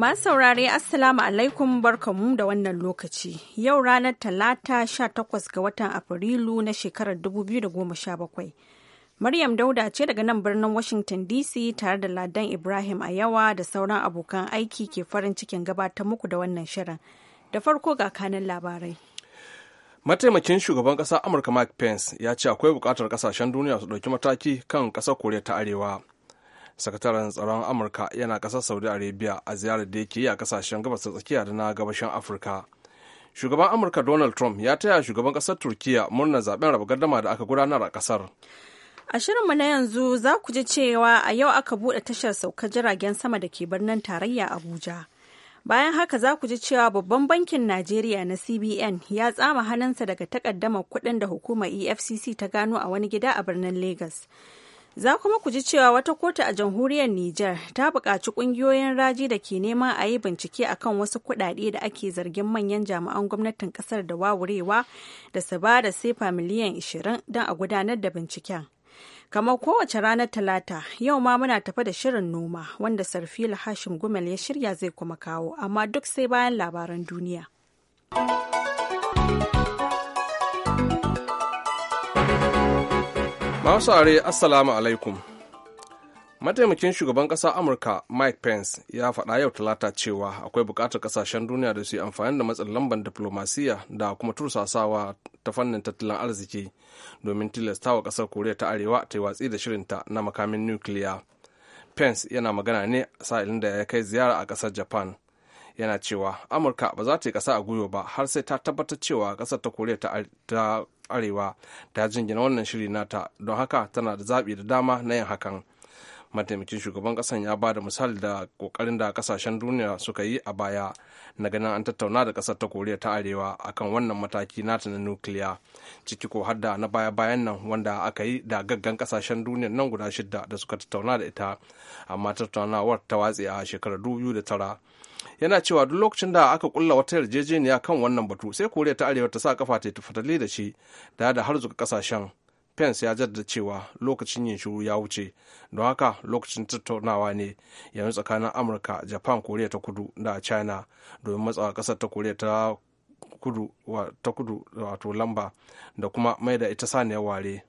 Masu saurare Assalamu alaikum barkamu da wannan lokaci. Yau ranar Talata 18 ga watan Afrilu na shekarar 2017. Maryam Dauda ce daga nan birnin Washington DC tare da Ladan Ibrahim ayawa da sauran abokan aiki ke farin cikin gabatar muku da wannan shirin. Da farko ga kanin labarai. Mataimakin shugaban ƙasa Amurka Mike Pence ya ce akwai bukatar ƙasashen duniya su ɗauki mataki kan ƙasar Koriya ta Arewa. sakataren tsaron amurka yana kasar saudi arabia a ziyarar da yake yi a ƙasashen gabas tsakiya da na gabashin afirka shugaban amurka donald trump ya taya shugaban ƙasar turkiya murnar zaben raba gardama da aka gudanar a kasar A shirinmu na yanzu za ku ji cewa a yau aka buɗe tashar sauka jiragen sama da ke birnin tarayya Abuja. Bayan haka za ku ji cewa babban bankin Najeriya na CBN ya tsama hannunsa daga takaddama kuɗin da hukumar EFCC ta gano a wani gida a birnin Legas. Za kuma ku ji cewa wata kotu a jamhuriyar Nijar ta buƙaci ƙungiyoyin raji da ke neman a yi bincike a kan wasu kuɗaɗe da ake zargin manyan jami'an gwamnatin ƙasar da wawurewa da su ba da sefa miliyan 20 don a gudanar da binciken. Kamar kowace ranar Talata, yau ma muna tafa da shirin noma wanda Sarfila Hashim Gumel ya shirya zai kuma kawo, amma duk sai bayan labaran duniya. Masu are Assalamu alaikum. Mataimakin shugaban ƙasa Amurka Mike Pence ya faɗa yau talata cewa akwai buƙatar ƙasashen duniya da su yi amfani da matsin lambar diplomasiya da kuma tursasawa ta fannin tattalin arziki domin tilasta wa ƙasar Koriya ta Arewa ta yi watsi da shirinta na makamin nukiliya. Pence yana magana ne sa'ilin da ya kai ziyara a ƙasar Japan. Yana cewa Amurka ba za ta yi ƙasa a gwiwa ba har sai ta tabbatar cewa ƙasar ta Koriya ta arewa ta jingina wannan shiri nata don haka tana da zaɓi da dama na yin hakan mataimakin shugaban kasan ya ba da misali da kokarin da kasashen duniya suka yi a baya na ganin an tattauna da kasar ta koriya ta arewa akan wannan mataki nata na nukiliya ciki ko har da na baya bayan nan wanda aka yi da gaggan kasashen duniyar nan guda shida da suka tattauna da ita amma tattaunawar ta watse a shekarar dubu da tara yana cewa duk lokacin da aka kulla wata yarjejeniya kan wannan batu sai koriya ta arewa ta sa kafa ta fatale da shi da da har zuka kasashen pence ya jaddada cewa lokacin yin shiru ya wuce don haka lokacin tattaunawa ne yanzu tsakanin amurka japan koriya ta kudu da china domin a kasar ta kudu wato lamba da kuma mai da ita saniyar ware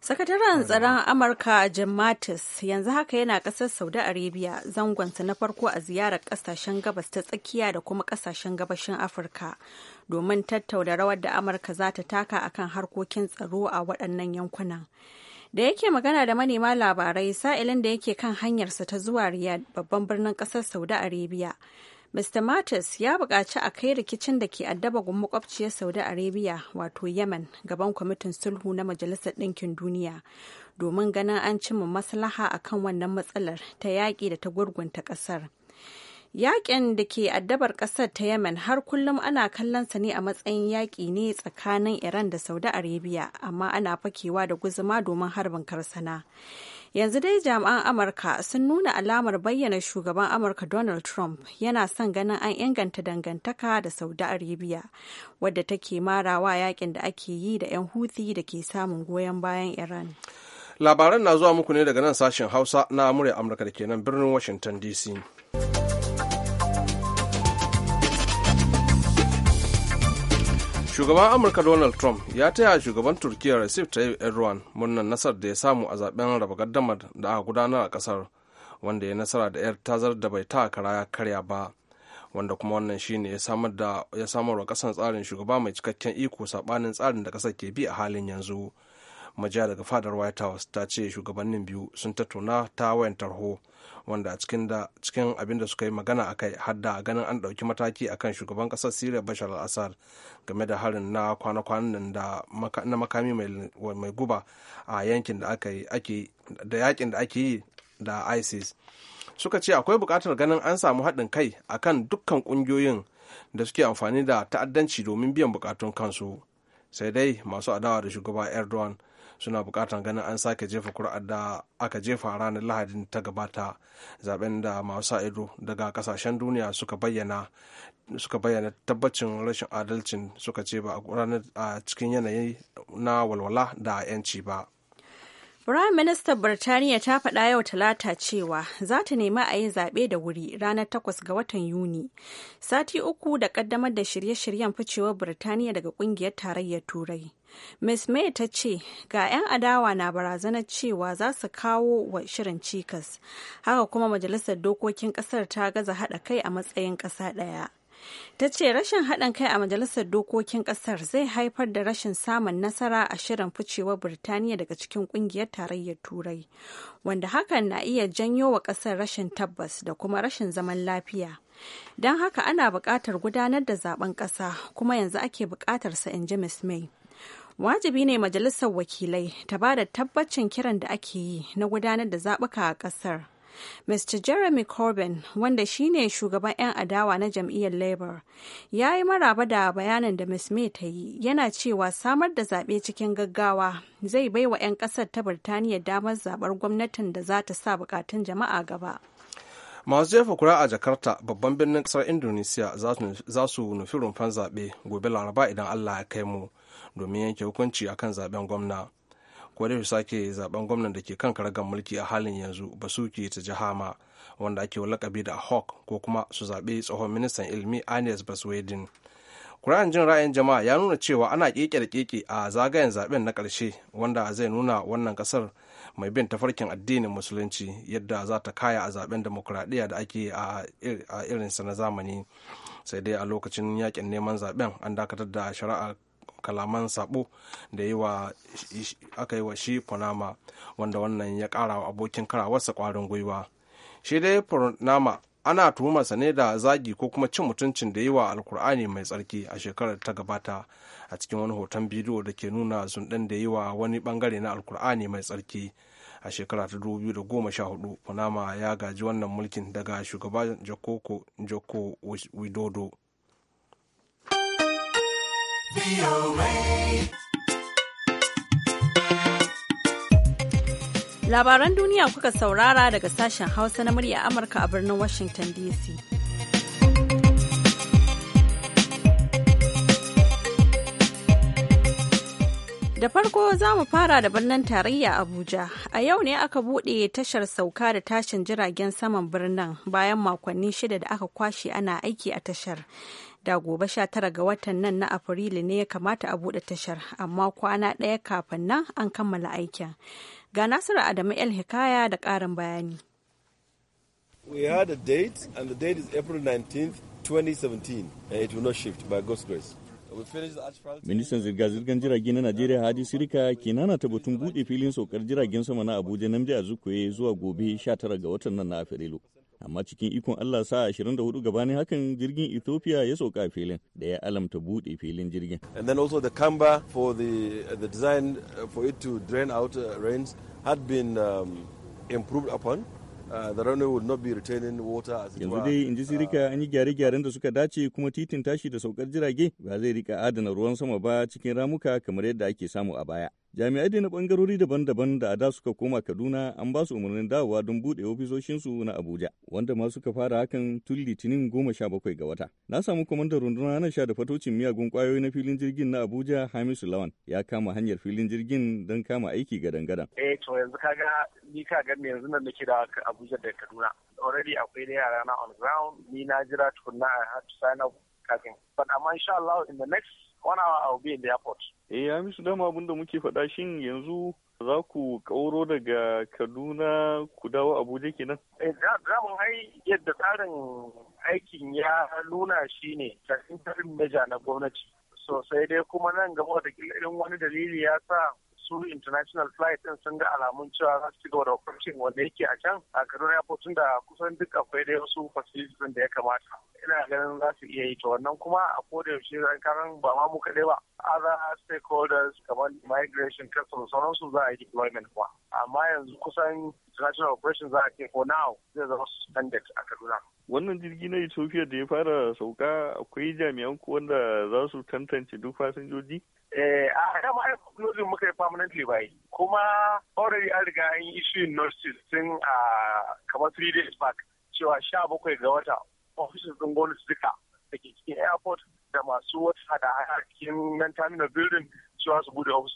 Sakataren tsaron Amurka Jim Mattis yanzu haka yana ƙasar Saudi Arabia zangonsa na farko a ziyarar ƙasashen gabas ta tsakiya da kuma ƙasashen gabashin Afirka. domin tattauna rawar da amurka za ta taka akan harkokin tsaro a waɗannan yankunan da yake magana da manema labarai sa'ilin da yake kan hanyarsa ta zuwa riyad babban birnin ƙasar saudi arabia Mr. Mattis ya buƙaci a kai rikicin da ke addaba makwabciyar Saudi Arabia wato Yemen gaban kwamitin sulhu na Majalisar Ɗinkin Duniya domin ganin an cimma maslaha akan wannan matsalar ta yaƙi da ta gurgunta ƙasar. Yaƙin da ke addabar ƙasar ta Yemen har kullum ana kallon sa ne a matsayin yaƙi ne tsakanin Iran da Saudi Arabia, amma ana fakewa da guzuma domin harbin karsana. Yanzu dai jami'an Amurka sun nuna alamar bayyana shugaban Amurka Donald Trump yana son ganin an inganta dangantaka da Saudi Arabia, wadda take marawa yakin da ake yi da 'yan Houthi da ke samun goyon bayan Iran. Labaran na zuwa muku ne daga nan sashen Hausa na Amurka da ke nan birnin Washington DC. shugaban amurka donald trump ya taya shugaban turkiyya recep tayyip erdogan murnar nasar da ya samu a zaben raba gaddamar da aka gudanar a kasar wanda ya nasara da yar tazar da bai ta karaya karya ba wanda kuma wannan shine ya samar da ya samar kasan tsarin shugaba mai cikakken iko sabanin tsarin da kasar ke bi a halin yanzu majiya daga fadar white house ta ce shugabannin biyu sun tattauna ta wayan tarho wanda cikin abin da suka yi magana a kai a ganin an ɗauki mataki a kan shugaban ƙasar Siriya bashar al-assad game da harin na kwana-kwanan da na makami mai guba a yankin da yakin da ake yi da isis suka ce akwai buƙatar ganin an samu haɗin kai a kan dukkan ƙungiyoyin da suke amfani da ta'addanci domin biyan buƙatun kansu sai dai masu adawa da shugaba erdogan suna bukatar ganin an sake jefa kuri'ar da aka jefa ranar lahadin ta gabata zaben da masu sa ido daga kasashen duniya suka bayyana suka bayyana tabbacin rashin adalcin suka ce ba a cikin yanayi na walwala da 'yanci ba. Firayim Ministan Birtaniya ta faɗa yau Talata cewa za ta nemi a yi zaɓe da wuri ranar takwas ga watan Yuni, sati uku da ƙaddamar da shirye-shiryen ficewar Birtaniya daga ƙungiyar tarayyar Turai. Ms. May ta ce, ga 'yan adawa na barazanar cewa za su kawo wa shirin cikas, haka kuma Majalisar Dokokin Ƙasar ta gaza haɗa kai a matsayin ƙasa ɗaya. ta ce rashin haɗin kai a majalisar dokokin ƙasar zai haifar da rashin samun nasara a shirin ficewar birtaniya daga cikin ƙungiyar tarayyar turai wanda hakan na iya janyo wa ƙasar rashin tabbas da kuma rashin zaman lafiya don haka ana buƙatar gudanar da zaben ƙasa kuma yanzu ake buƙatar sa in ji miss wajibi ne majalisar wakilai ta ba da tabbacin kiran da ake yi na gudanar da zaɓuka a ƙasar Mr. Jeremy Corbyn, wanda shi ne shugaban 'yan adawa na jam'iyyar Labour, ya yi maraba da bayanin da Ms. May ta yi, yana cewa samar da zaɓe cikin gaggawa zai bai wa 'yan ƙasar ta Birtaniya damar zaɓar gwamnatin da za ta sa buƙatun jama'a gaba. masu jefa kura a jakarta babban birnin ƙasar Indonesia za su nufi rumfan zaɓe gobe laraba idan allah ya kai mu domin yanke hukunci akan zaɓen gwamna ko da sake zaben gwamnan da ke kan karagar mulki a halin yanzu ba su ke ta jihama wanda ake lakabi da hawk ko kuma su zaɓi tsohon ministan ilimi agnes baswedin kuran jin ra'ayin jama'a ya nuna cewa ana keke da keke a zagayen zaben na ƙarshe wanda zai nuna wannan ƙasar mai bin tafarkin addinin musulunci yadda za ta kaya a zaben demokuraɗiyya da ake a irinsa na zamani sai dai a lokacin yakin neman zaben an dakatar da shari'a kalaman sabo da aka yi wa shi Fonama wanda wannan ya kara wa abokin karawarsa kwarin gwiwa. Shi dai Fonama ana tuhumarsa ne da zagi ko kuma cin mutuncin da yi wa alkur'ani mai tsarki a shekarar ta gabata a cikin wani hoton bidiyo da ke nuna zunɗen da yi wa wani bangare na alkur'ani mai tsarki a shekara ta 2014 Funama ya gaji wannan mulkin daga shugaban joko widodo Labaran duniya kuka saurara daga sashen Hausa na murya Amurka a birnin Washington DC. Da farko za mu fara da birnin tarayya Abuja. A yau ne aka buɗe tashar sauka da tashin jiragen saman birnin bayan makonni shida da aka kwashe ana aiki a tashar. da gobe 19 ga watan nan na afrilu ne ya kamata a buɗe tashar amma kwana ɗaya kafin nan an kammala aikin ga nasiru adamu el hikaya da ƙarin bayani we had a date and the date is april 19th 2017 and it will not shift by god's grace Ministan zirga-zirgar jirage na Najeriya Hadi Sirika ke nana ta batun buɗe filin saukar jiragen sama na Abuja a zukuye zuwa gobe 19 ga watan nan na Afrilu. amma cikin ikon Allah sa 24 gabanin hakan jirgin Ethiopia ya sauka filin da ya alamta bude filin jirgin. And then also the camber for the, uh, the design uh, for it to drain out uh, rains had been um, improved upon. Uh, Yanzu dai in ji sirika an yi gyare-gyaren da suka dace kuma titin tashi da saukar jirage ba zai rika adana ruwan sama ba cikin ramuka kamar yadda ake samu a baya. Jami'ai da na bangarori daban-daban da a da suka koma Kaduna an basu umarnin dawowa don buɗe ofisoshinsu na Abuja, wanda ma suka fara hakan tun Litinin goma sha bakwai ga wata. Na samu kwamandan rundunar hana sha da fatocin miyagun kwayoyi na filin jirgin na Abuja Hamisu Lawan ya kama hanyar filin jirgin don kama aiki gadan-gadan. Eh to yanzu kaga ni kaga yanzu nan nake da Abuja da Kaduna. Already akwai da yara na on ground ni na jira tukunna I had to sign up kafin. But amma insha Allah in the next one hour I'll da airport. Eh ya misu dama abin da muke faɗa shin yanzu za ku kauro daga Kaduna ku dawo Abuja kenan? Eh za mu hai yadda tsarin aikin ya nuna shi ne tarin meja na gwamnati. Sosai dai kuma nan gaba da irin wani dalili ya sa su international flight din sun ga alamun cewa za su ci gaba da operation wanda yake a can a Kaduna airport tun da kusan duk akwai da wasu facilities da ya kamata ina ganin za su iya yi to wannan kuma a koda yaushe zan karan ba ma mu kaɗai ba other stakeholders kamar migration sauran sauransu za a yi deployment kuma amma yanzu kusan international operations za a ke for now zai zama suspended a Kaduna. Wannan jirgi na Ethiopia da ya fara sauka akwai jami'an ku wanda za su tantance duk fasinjoji? A eh, a dama ai closing muka yi permanently bai. Kuma already an riga an yi issue notice tun a kamar three days back cewa sha bakwai ga wata offices din su duka da ke cikin airport da masu wata da harkin nan terminal building cewa su bude ofis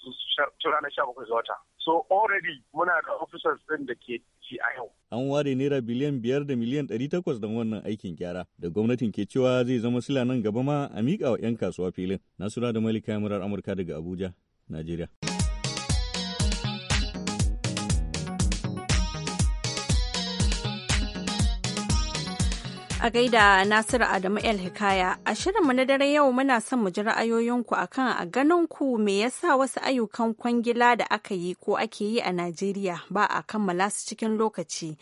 su ranar sha bakwai ga wata. So already muna da officers ɗin da ke ci a yau. An ware naira biliyan biyar da miliyan ɗari takwas don wannan aikin gyara da gwamnatin ke cewa zai zama sila nan gaba ma a miƙa wa 'yan kasuwa filin. Nasura da Malika Yamurar Amurka daga Abuja, Najeriya. A gaida Nasiru Adamu El Hikaya, a shirinmu na dare yau muna son mu ji ra'ayoyinku akan a ganin ku me yasa wasu ayyukan kwangila da aka yi ko ake yi a Najeriya ba a kammala su cikin lokaci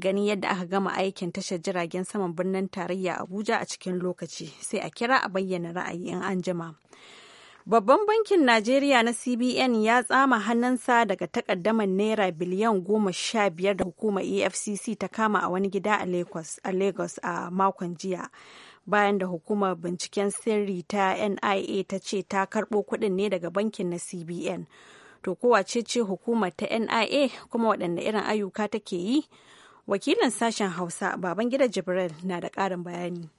gani yadda aka gama aikin tashar jiragen saman birnin tarayya Abuja a cikin lokaci sai a kira a bayyana ra'ayi in an jima. Babban bankin Najeriya na CBN ya tsama hannunsa daga takaddaman naira biliyan goma sha biyar da hukumar EFCC ta kama a wani gida a Lagos a makon jiya. Bayan da hukumar binciken sirri ta NIA ta ce ta karɓo kuɗin ne daga bankin na CBN. To kowace ce hukumar ta NIA kuma waɗanne irin ayyuka take yi? Wakilin sashen Hausa Babangida Jibril na da ƙarin bayani.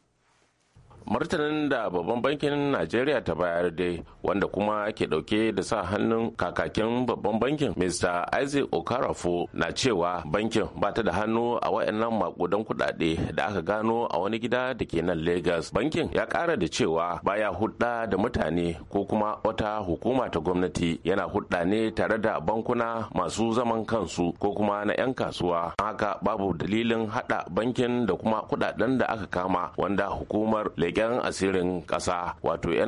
martanin da babban bankin najeriya ta bayar dai wanda kuma ke dauke da sa hannun kakakin babban bankin mr isaac okarafo na cewa bankin ba ta da hannu a wayannan makudan kudade da aka gano a wani gida da ke nan lagos bankin ya kara da cewa baya hudda da mutane ko kuma wata hukuma ta gwamnati yana hudda ne tare da bankuna masu zaman kansu ko kuma na 'yan kasuwa haka babu dalilin hada bankin da kuma kudaden da aka kama wanda hukumar leƙen asirin ƙasa wato nia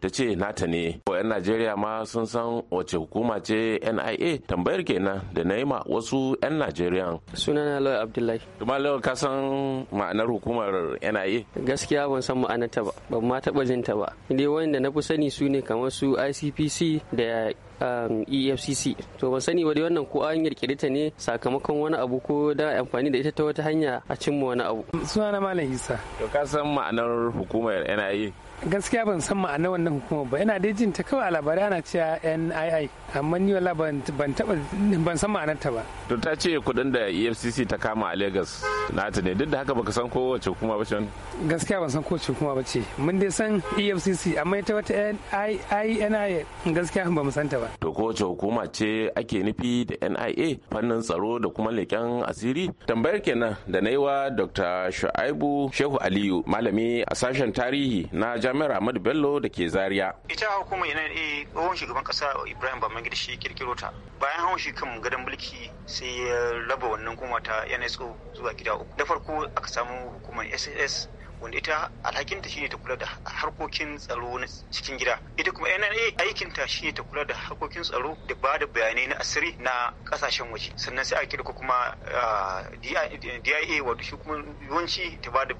ta ce nata ne ko 'yan najeriya ma sun san wace hukuma ce nia tambayar kenan da na yi ma wasu 'yan najeriya sunana lawyer abdullahi kuma lawyer ka san ma'anar hukumar nia gaskiya ban san ma'anarta ba ban ma taɓa jinta ba dai wanda na fi sani su ne kamar su icpc da Um, efcc to ban sani ba wannan ko an kirkire ta ne sakamakon wani abu ko da amfani da ita ta wata hanya a cimma wani abu na malam isa to ka san ma'anar hukumar nia gaskiya ban san ma'ana wannan hukumar ba yana dai jin ta kawai a labarai ana cewa NII amma ni wala ban taba ban san ma'anar ta ba to ta ce kuɗin da EFCC ta kama a Lagos na ta ne duk da haka baka san ko wace hukuma ba ce gaskiya ban san ko wace hukuma ba ce mun dai san EFCC amma ita wata NII gaskiya ban san ta ba to ko wace hukuma ce ake nufi da NIA fannin tsaro da kuma leƙen asiri tambayar kenan da na yi wa Dr. Shu'aibu Shehu Aliyu malami a sashen tarihi na jami'ar Ahmad bello da ke zaria ita hukumar nna eh, tsohon shugaban kasa ibrahim bamangida shi kirkiro ta bayan hawan shi kan gadon mulki sai ya raba wannan kuma ta nso zuwa gida uku da farko aka samu hukumar sss wanda ita alhakinta shine ta kula da harkokin tsaro na cikin gida ita kuma NNA aikinta shine ta kula da harkokin tsaro da ba da bayanai na asiri na kasashen waje sannan sai a kirka kuma DIA wato shi kuma yawanci ta ba da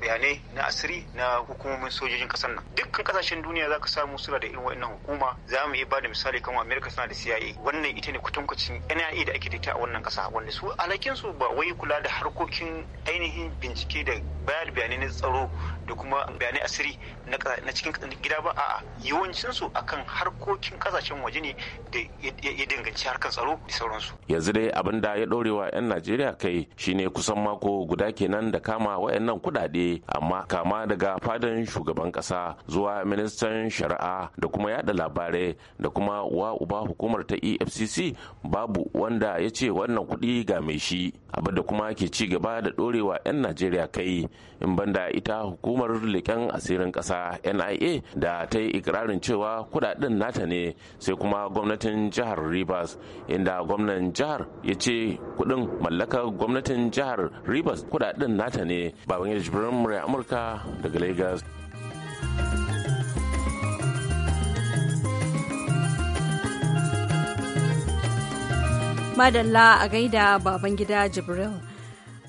bayanai na asiri na hukumomin sojojin kasar nan dukkan kasashen duniya zaka samu suna da irin wannan hukuma za mu iya ba da misali kan amerika suna da CIA wannan ita ne kutankucin NIA da ake da ita a wannan kasa wanda su alhakin su ba wai kula da harkokin ainihin bincike da bayar bayanai na tsaro da kuma bayanai asiri na cikin gida ba a'a yawancin su akan harkokin kasashen waje ne da ya danganci harkar tsaro da sauransu yanzu dai abin da ya ɗorewa yan Najeriya kai shine kusan mako guda kenan da kama wayannan kudade amma kama daga fadan shugaban kasa zuwa ministan shari'a da kuma yada labarai da kuma wa uba hukumar ta EFCC babu wanda ya ce wannan kuɗi ga mai shi abin da kuma ke ci gaba da dorewa yan Najeriya kai in banda ita hukumar hukumar leƙen asirin ƙasa nia da ta yi ikirarin cewa kudaden nata ne sai kuma gwamnatin jihar rivers inda gwamnan jihar ya ce kudin mallakar gwamnatin jihar rivers kudaden nata ne baban ya jibirin murya amurka daga lagos madalla a gaida babangida jibril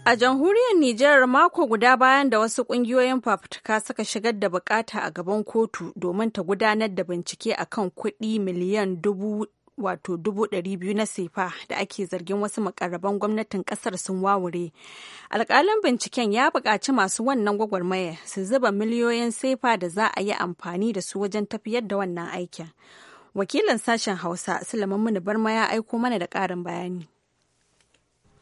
A jamhuriyar Nijar mako guda bayan da wasu kungiyoyin fafutuka suka shigar da bukata a gaban kotu domin ta gudanar da bincike akan kuɗi miliyan dubu wato dubu ɗari biyu na sefa da ake zargin wasu makarraban gwamnatin ƙasar sun wawure. Alƙalin binciken ya buƙaci masu wannan gwagwarmaya su zuba miliyoyin sefa da za a yi amfani da su wajen tafiyar da wannan aikin. Wakilin sashen Hausa Sulaiman Muni Barma ya aiko mana da ƙarin bayani.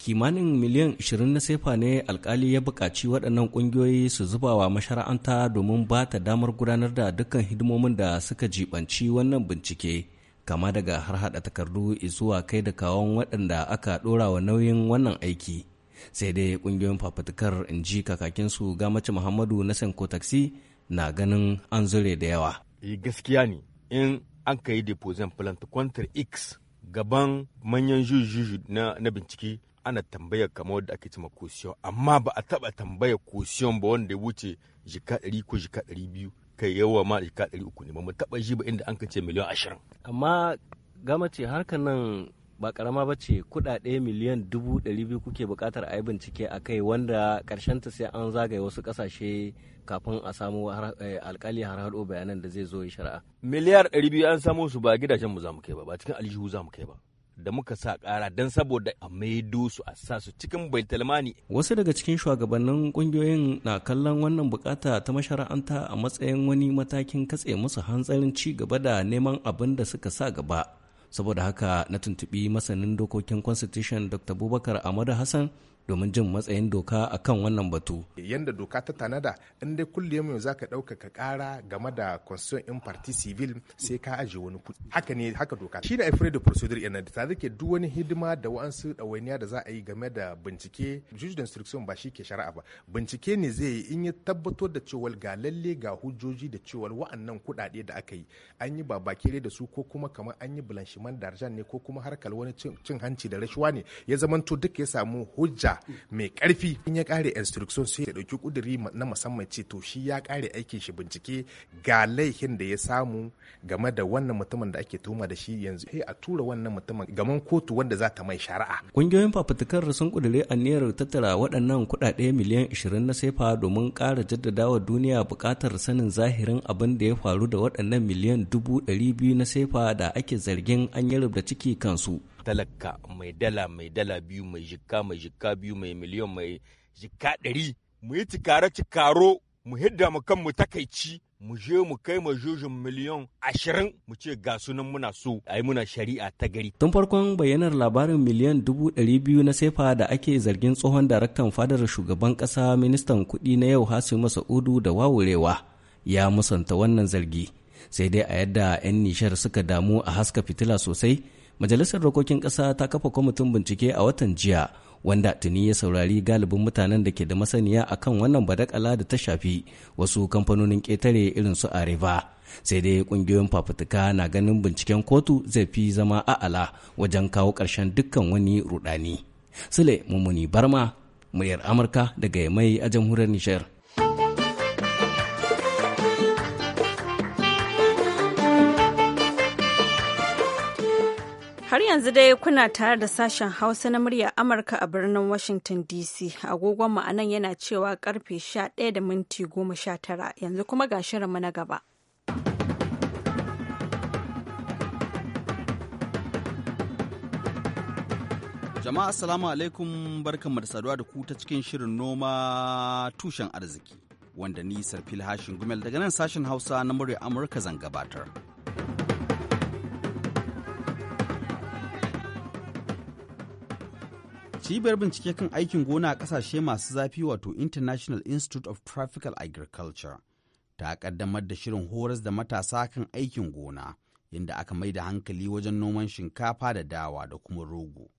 kimanin miliyan 20 na sefa ne alkali ya bukaci waɗannan ƙungiyoyi su zuba wa mashara'anta domin ba ta damar gudanar da dukkan hidimomin da suka jibanci wannan bincike kama daga har haɗa takardu zuwa kai da kawon waɗanda aka ɗora wa nauyin wannan aiki sai dai ƙungiyoyin fafutukar in ji kakakinsu mace muhammadu na sanko taxi na ganin an zure da yawa eh, gaskiya ne in an ka yi deposit plant x gaban manyan juju na, na bincike ana tambayar kamar wadda ake cima kusiyon amma ba a taba tambayar kusiyon ba wanda ya wuce jika ɗari ko jika ɗari biyu kai yawa ma jika ɗari uku ne ba mu taba ji ba inda an kace miliyan ashirin. amma gama ce harkar nan ba karama ba ce kuɗaɗe miliyan dubu ɗari biyu kuke buƙatar a yi bincike a kai wanda ta sai an zagaye wasu ƙasashe kafin a samu eh, alƙali har haɗo bayanan da zai zo ya shari'a. miliyar ɗari biyu an samo su ba gidajen mu za mu kai ba ba cikin aljihu za mu kai ba. da muka sa kara don saboda a maido su a sa su cikin baitulmani. Wasu daga cikin shugabannin kungiyoyin na kallon wannan bukata ta mashara'anta a matsayin wani matakin katse musu hantsarin ci gaba da neman abin da suka sa gaba. Saboda haka na tuntuɓi masanin dokokin Constitution Dr. Bubakar Amadu Hassan domin jin matsayin doka a kan wannan batu. yadda doka ta tanada inda dai kulle mai za ka ɗaukaka ƙara game da constitution in party civil sai ka aje wani kuɗi. Haka ne haka doka. Shi da afraid procedure yana da tare ke duk wani hidima da wa'ansu ɗawainiya da za a yi game da bincike juge instruction ba shi ke shari'a ba. Bincike ne zai yi in ya tabbatar da cewa ga lalle ga hujjoji da cewa wa'annan kuɗaɗe da aka yi an yi ba bakire da su ko kuma kamar an yi blanchiment d'argent ne ko kuma harkar wani cin hanci da rashuwa ne ya zamanto duk ya samu hujja mai karfi in ya kare instruction sai ya dauki kuduri na musamman ce to shi ya kare aikin shi bincike ga laifin da ya samu game da wannan mutumin da ake tuma da shi yanzu sai a tura wannan mutumin gaman kotu wanda za ta mai shari'a kungiyoyin fafutukar sun kudure aniyar tattara waɗannan kuɗaɗe miliyan 20 na sefa domin ƙara jaddadawa duniya buƙatar sanin zahirin abin da ya faru da waɗannan miliyan dubu ɗari biyu na sefa da ake zargin an yi rubda ciki kansu talaka mai dala mai dala biyu mai jikka mai jikka biyu mai miliyan mai jikka ɗari mu yi cikare cikaro mu hidda mu kan mu takaici mu je mu kai ma jojin miliyan ashirin mu ce ga sunan muna so a yi muna shari'a ta gari. Tun farkon bayyanar labarin miliyan dubu ɗari biyu na sefa da ake zargin tsohon daraktan fadar shugaban ƙasa ministan kuɗi na yau Hasu Masa'udu da wawurewa ya musanta wannan zargi. Sai dai a yadda 'yan nishar suka damu a haska fitila sosai majalisar dokokin ƙasa ta kafa kwamitin bincike a watan jiya wanda tuni ya saurari galibin mutanen da ke da masaniya a kan wannan badakala da ta shafi wasu kamfanonin ketare irin su areva sai dai ƙungiyoyin fafutuka na ganin binciken kotu zai fi zama a'ala wajen kawo ƙarshen dukkan wani rudani sule mummuni barma muryar amurka daga mai a jamhuriyar nishar Har yanzu dai kuna tare da sashen Hausa na murya Amurka a birnin Washington DC. Agogon mu anan yana cewa karfe 11 da minti tara yanzu kuma ga shirinmu na gaba. Jama'a assalamu alaikum barkanmu da saduwa da ku ta cikin shirin noma tushen arziki wanda ni Sarfil Hashin Gumel daga nan sashen Hausa na murya Amurka zan gabatar. Cibiyar bincike kan aikin gona a ƙasashe masu zafi wato International Institute of Tropical Agriculture ta ƙaddamar da shirin horas da matasa kan aikin gona, inda aka mai da hankali wajen noman shinkafa da dawa da kuma rogo.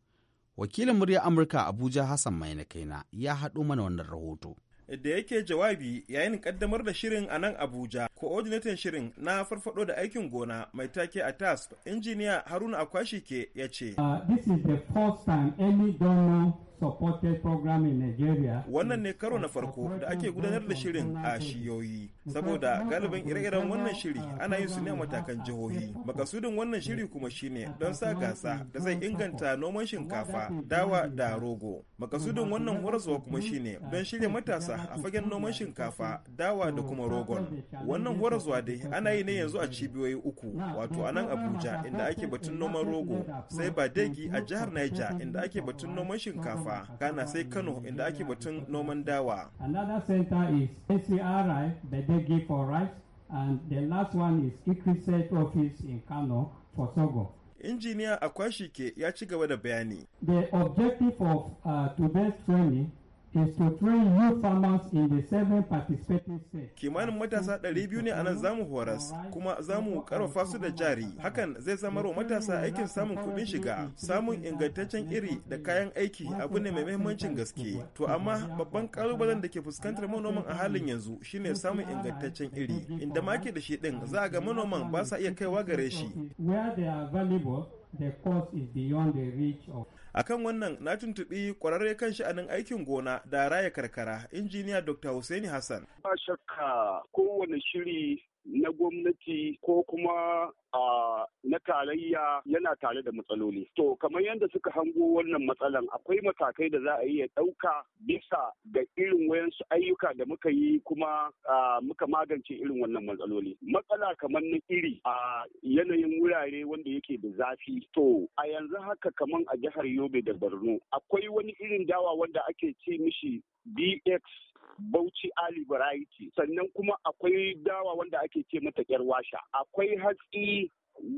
Wakilin murya Amurka Abuja Hassan Mai na kaina ya haɗo mana wannan rahoto. da yake jawabi yayin kaddamar da shirin a nan Abuja, coordinator shirin na farfado da aikin gona mai take a task injiniya Haruna ke ya ce. Uh, this is the first time any donor Wannan ne karo na farko da ake gudanar da shirin a shiyoyi, saboda galibin ire-iren wannan shiri uh, ana yin su ne a matakan jihohi. Makasudin wannan shiri kuma shine don sa gasa da zai inganta noman shinkafa, uh, dawa da rogo. Makasudin wannan horaswa kuma shine don shirya matasa a fagen noman shinkafa, dawa da kuma rogon. Wannan horaswa dai ana yi ne yanzu a cibiyoyi uku, wato a nan Abuja inda ake batun noman rogo, sai ba Badegi a jihar Niger inda ake batun noman shinkafa ghana sai kano inda ake batun noman dawa another center is acri the dege for rice and the last one is ikriset office in kano for sorghum injiniya akwashike ya ci gaba da bayani the objective of uh, today's training is to train in the seven participating Kimanin matasa 200 ne a nan zamu horas kuma zamu karfafa su da jari. Hakan zai wa matasa aikin samun kuɗin shiga, samun ingantaccen iri da kayan aiki abu ne mai muhimmancin gaske. To amma babban kalubalen da ke fuskantar manoman a halin yanzu shine samun ingantaccen iri. Inda ma da shi din za a ga manoman ba sa iya kaiwa gare shi. Where they are the cost is beyond the reach of akan wannan na tuntuɓi kwararre kan sha'anin aikin gona da raya karkara injiniya dr Hussaini hassan ba shakka kowane shiri na gwamnati ko kuma na tarayya yana tare da matsaloli. To kamar yadda suka hango wannan matsalan akwai matakai da za a iya ɗauka bisa ga irin wayansu ayyuka da muka yi kuma muka magance irin wannan matsaloli. Matsala kamar na iri a yanayin wurare wanda yake da zafi. To a yanzu haka kamar a jihar Yobe da Borno akwai wani irin dawa wanda ake ce mishi BX Bauchi Ali variety sannan kuma akwai dawa wanda ake ce mata yar washa akwai hatsi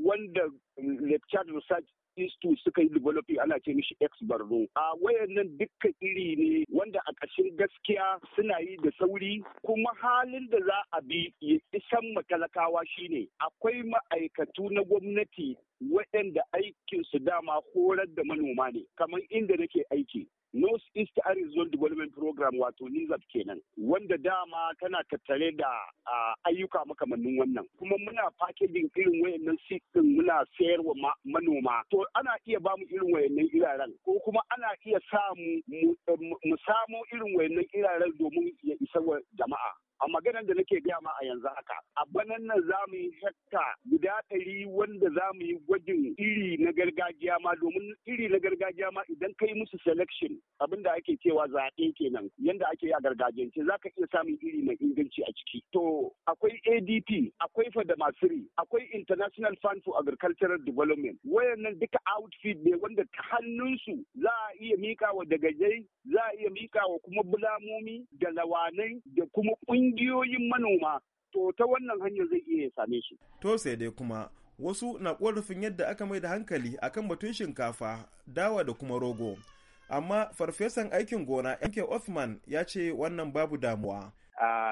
wanda Lepchad Research Institute suka yi developing ana ce mishi X Barno. A wayannan dukkan iri ne wanda a ƙashin gaskiya suna yi da sauri kuma halin da za a bi ya isan matalakawa shine akwai ma'aikatu na gwamnati waɗanda aikin su dama horar da manoma ne kamar inda nake aiki North East Arizona Development Program wato NIZAP kenan wanda dama tana tattare da ayyuka makamannin wannan kuma muna packaging irin wayannan sitin muna sayarwa manoma to ana iya bamu irin wayannan iraren ko kuma ana iya samu mu samo irin wayannan iraren domin ya isa wa jama'a a maganar da nake gaya ma a yanzu haka a banan nan za mu yi hekta guda ɗari wanda za mu yi gwajin iri na gargajiya ma domin iri na gargajiya ma idan kai musu selection abin da ake cewa zaɓe kenan yanda ake yi a gargajiyance za ka iya samun iri mai inganci a ciki to akwai adp akwai fadamasiri akwai international fund for agricultural development wayannan duka outfit ne wanda ta hannunsu za a iya mika wa dagajai za a iya mika kuma bulamomi da lawanai da kuma ƙungiyoyi ƙungiyoyin manoma to ta wannan hanyar zai iya same shi. To sai dai kuma wasu na ƙorafin yadda aka mai da hankali akan batun shinkafa, dawa da kuma rogo. Amma farfesan aikin gona MK Othman ya ce wannan babu damuwa.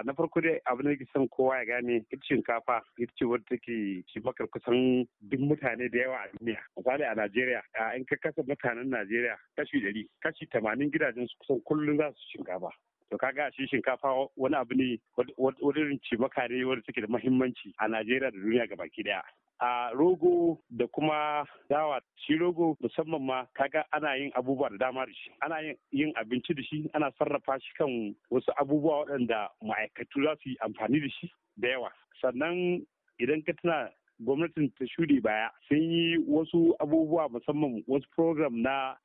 na farko dai abu da san kowa ya gane ita shinkafa ita ce wadda take bakar kusan duk mutane da yawa a duniya misali a najeriya in ka kasa mutanen najeriya kashi ɗari kashi tamanin gidajen su kusan kullum za su shinkafa to kaga shi shinkafa wani abu ne wani cimaka ne wanda suke da mahimmanci a Najeriya da duniya gabaki daya a rogo da kuma dawa shi rogo musamman ma kaga ana yin abubuwa da dama da shi ana yin abinci da shi ana sarrafa shi kan wasu abubuwa waɗanda ma'aikatu za su yi amfani da shi da yawa sannan idan ka tana. gwamnatin ta shuɗe baya sun yi wasu abubuwa musamman wasu program na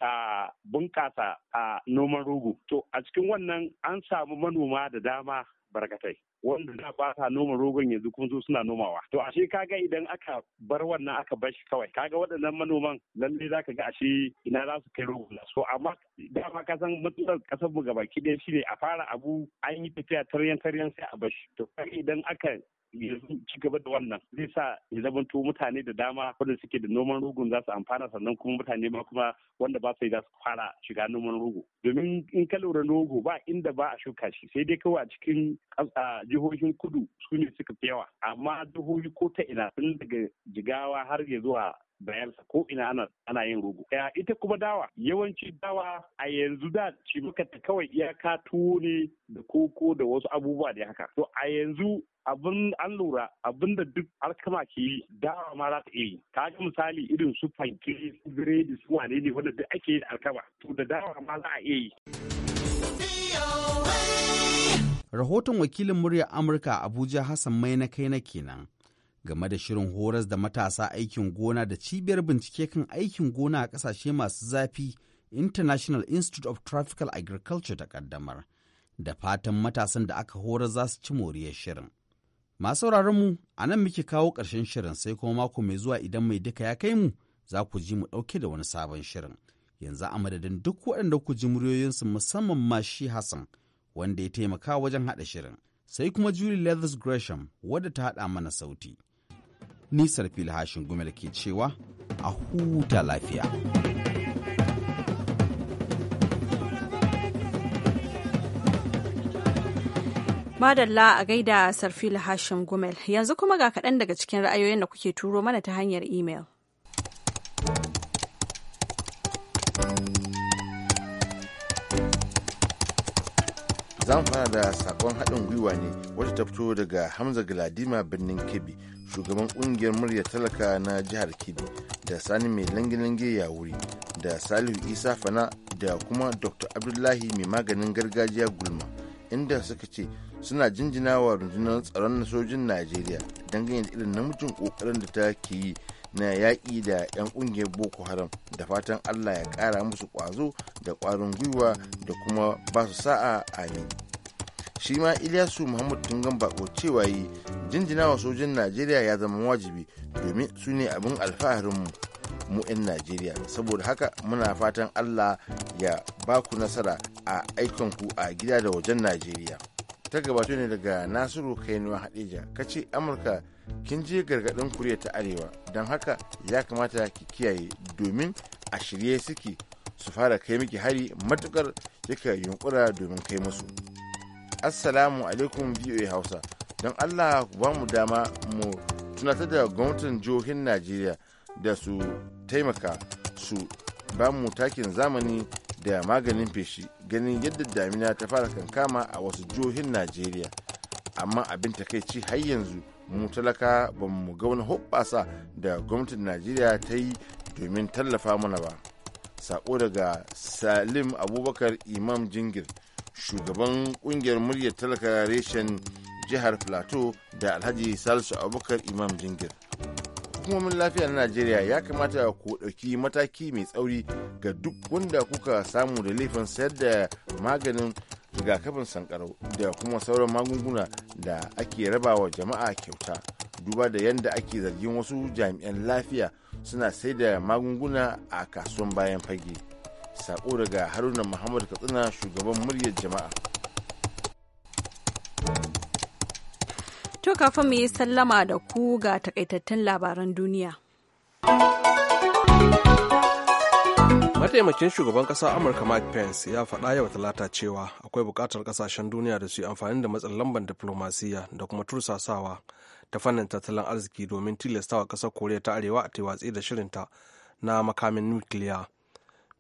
bunƙasa a noman rogo. To a cikin wannan an samu manoma da dama barkatai wanda da ba sa noma rogon yanzu kuma su suna nomawa to ashe kaga idan aka bar wannan aka bar shi kawai kaga waɗannan manoman lalle ka ga ashe ina za su kai rogon so amma dama ka san matsalar kasar mu gabaki ɗaya ne a fara abu an yi tafiya taryan taryan sai a bar shi to idan aka yanzu ci gaba da wannan zai sa ya zamanto mutane da dama wanda suke da noman rogon za su amfana sannan kuma mutane ma kuma wanda ba su yi za su fara shiga noman rogo domin in ka lura rogo ba inda ba a shuka shi sai dai kawai a cikin jihohin kudu su ne suka fi yawa amma jihohi ko ta ina Sun daga jigawa har ya zuwa bayansa ko ina ana yin rogo. Ya ita kuma dawa yawanci dawa a yanzu da ci maka ta kawai iyaka tuwo ne da koko da wasu abubuwa da haka. To a yanzu abin an lura abin da duk alkama ke yi dawa ma za ta yi ka ga misali irin su fanke su biredi su wane ne wanda duk ake yi da alkama to da dawa ma za a iya yi. Rahoton wakilin muryar Amurka a Abuja Hassan mai na kai na kenan game da shirin horas da matasa aikin gona da cibiyar bincike kan aikin gona a kasashe masu zafi International Institute of Tropical Agriculture ta kaddamar da fatan matasan da aka horar za su ci moriyar shirin. Masu mu a nan muke kawo ƙarshen shirin sai kuma mako mai zuwa idan mai duka ya kai mu za ku ji mu ɗauke da wani sabon shirin. Yanzu a madadin duk waɗanda ku ji muryoyinsu musamman ma shi Hassan wanda ya taimaka wajen haɗa shirin, sai kuma Julie Leathers Gresham wadda ta haɗa mana sauti. Nisar filhashin gumel ke cewa a huta lafiya. Madalla a gaida sarfil Hashim Gumel, yanzu kuma ga kaɗan daga cikin ra'ayoyin da kuke turo mana ta hanyar imel. zamu fara da sakon haɗin gwiwa ne wata ta fito daga hamza galadima birnin kebbi shugaban ƙungiyar murya talaka na jihar kebbi da sani mai lange langi ya wuri da salihu isa fana da kuma dr abdullahi mai maganin gargajiya gulma inda suka ce suna jinjina wa rundunar tsaron na sojin najeriya dangane da irin namijin ƙoƙarin da ta ke yi na yaƙi da 'yan ƙungiyar boko haram da fatan allah ya ƙara musu ƙwazo da ƙwarin gwiwa da kuma ba su sa'a amin shi ma ilyasu muhammad tungan bako cewa yi jinjina wa sojin najeriya ya zama wajibi domin su ne abin alfaharinmu mu 'yan najeriya saboda haka muna fatan allah ya baku nasara a aikanku a gida da wajen najeriya ta gabato ne daga nasiru kainuwa hadija kace amurka kin je gargadin kuriya ta arewa don haka ya kamata ki kiyaye domin a shirye suke su fara kai miki hari matukar yaka yunkura domin kai musu assalamu alaikum voa hausa don allah ku ba mu dama mu tunatar da gwamnatin jihohin najeriya da su taimaka su ba mu takin zamani da maganin feshi ganin yadda damina ta fara kankama a wasu jihohin najeriya amma abin takaici har yanzu mu talaka ba mu ga wani hoɓɓasa da gwamnatin najeriya ta yi domin tallafa mana ba sako daga salim abubakar imam jingir shugaban kungiyar muryar talaka reshen jihar plateau da alhaji salisu abubakar imam jingir hukumomin lafiya na najeriya ya kamata ku ɗauki mataki mai tsauri ga duk wanda kuka samu da laifin sayar da maganin rigakafin sankarau da kuma sauran magunguna da ake rabawa jama'a kyauta duba da yadda ake zargin wasu jami'an lafiya suna sai da magunguna a kasuwan bayan fage sako daga haruna muhammad katsina shugaban muryar jama'a To kafin mu yi sallama da ku ga takaitattun labaran duniya. Mataimakin shugaban ƙasa Amurka Mike Pence ya faɗa yau talata cewa akwai buƙatar ƙasashen duniya da su yi amfani da matsin lambar diflomasiyya da kuma tursasawa ta fannin tattalin arziki domin tilastawa ƙasar Koriya ta Arewa a watsi da shirinta na makamin nukiliya.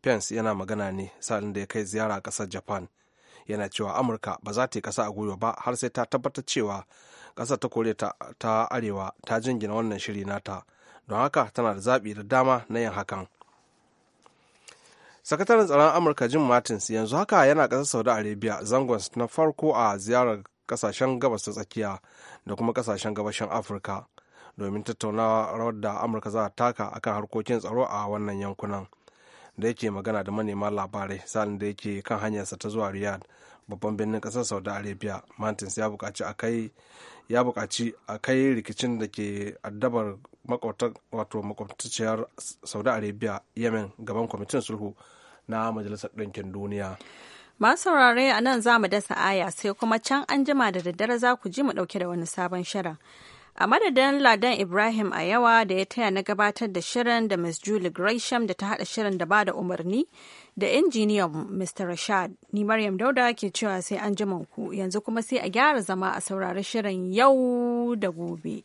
Pence yana magana ne sa'ilin da ya kai ziyara ƙasar Japan. Yana cewa Amurka ba za ta yi ƙasa a gwiwa ba har sai ta tabbatar cewa ƙasar ta koriya ta arewa ta jingina wannan shiri nata don haka tana da zaɓi da dama na yin hakan sakataren tsaron amurka jim martins yanzu haka yana ƙasar saudi arabia zangon na farko a ziyarar ƙasashen gabas ta tsakiya da kuma ƙasashen gabashin afirka domin tattaunawa rawar da amurka za ta taka akan harkokin tsaro a wannan yankunan da yake magana da manema labarai salin da yake kan hanyarsa ta zuwa riyadh babban birnin kasar saudi arabia martins ya bukaci a kai ya bukaci a kai rikicin da ke addabar wato makwabtaciyar saudi arabia yemen gaban kwamitin sulhu na majalisar ɗinkin duniya Masu saurare a nan za mu dasa aya sai kuma can an jima da daddare za ku ji mu ɗauke da wani sabon shirin. A madadin Ladan Ibrahim a yawa da ya taya na gabatar da shirin da Miss Julie Gresham da ta haɗa shirin da ba da umarni da injiniyan Mr. Rashad. Ni Maryam Dauda ke cewa sai an ku yanzu kuma sai a gyara zama a saurari shirin yau da gobe.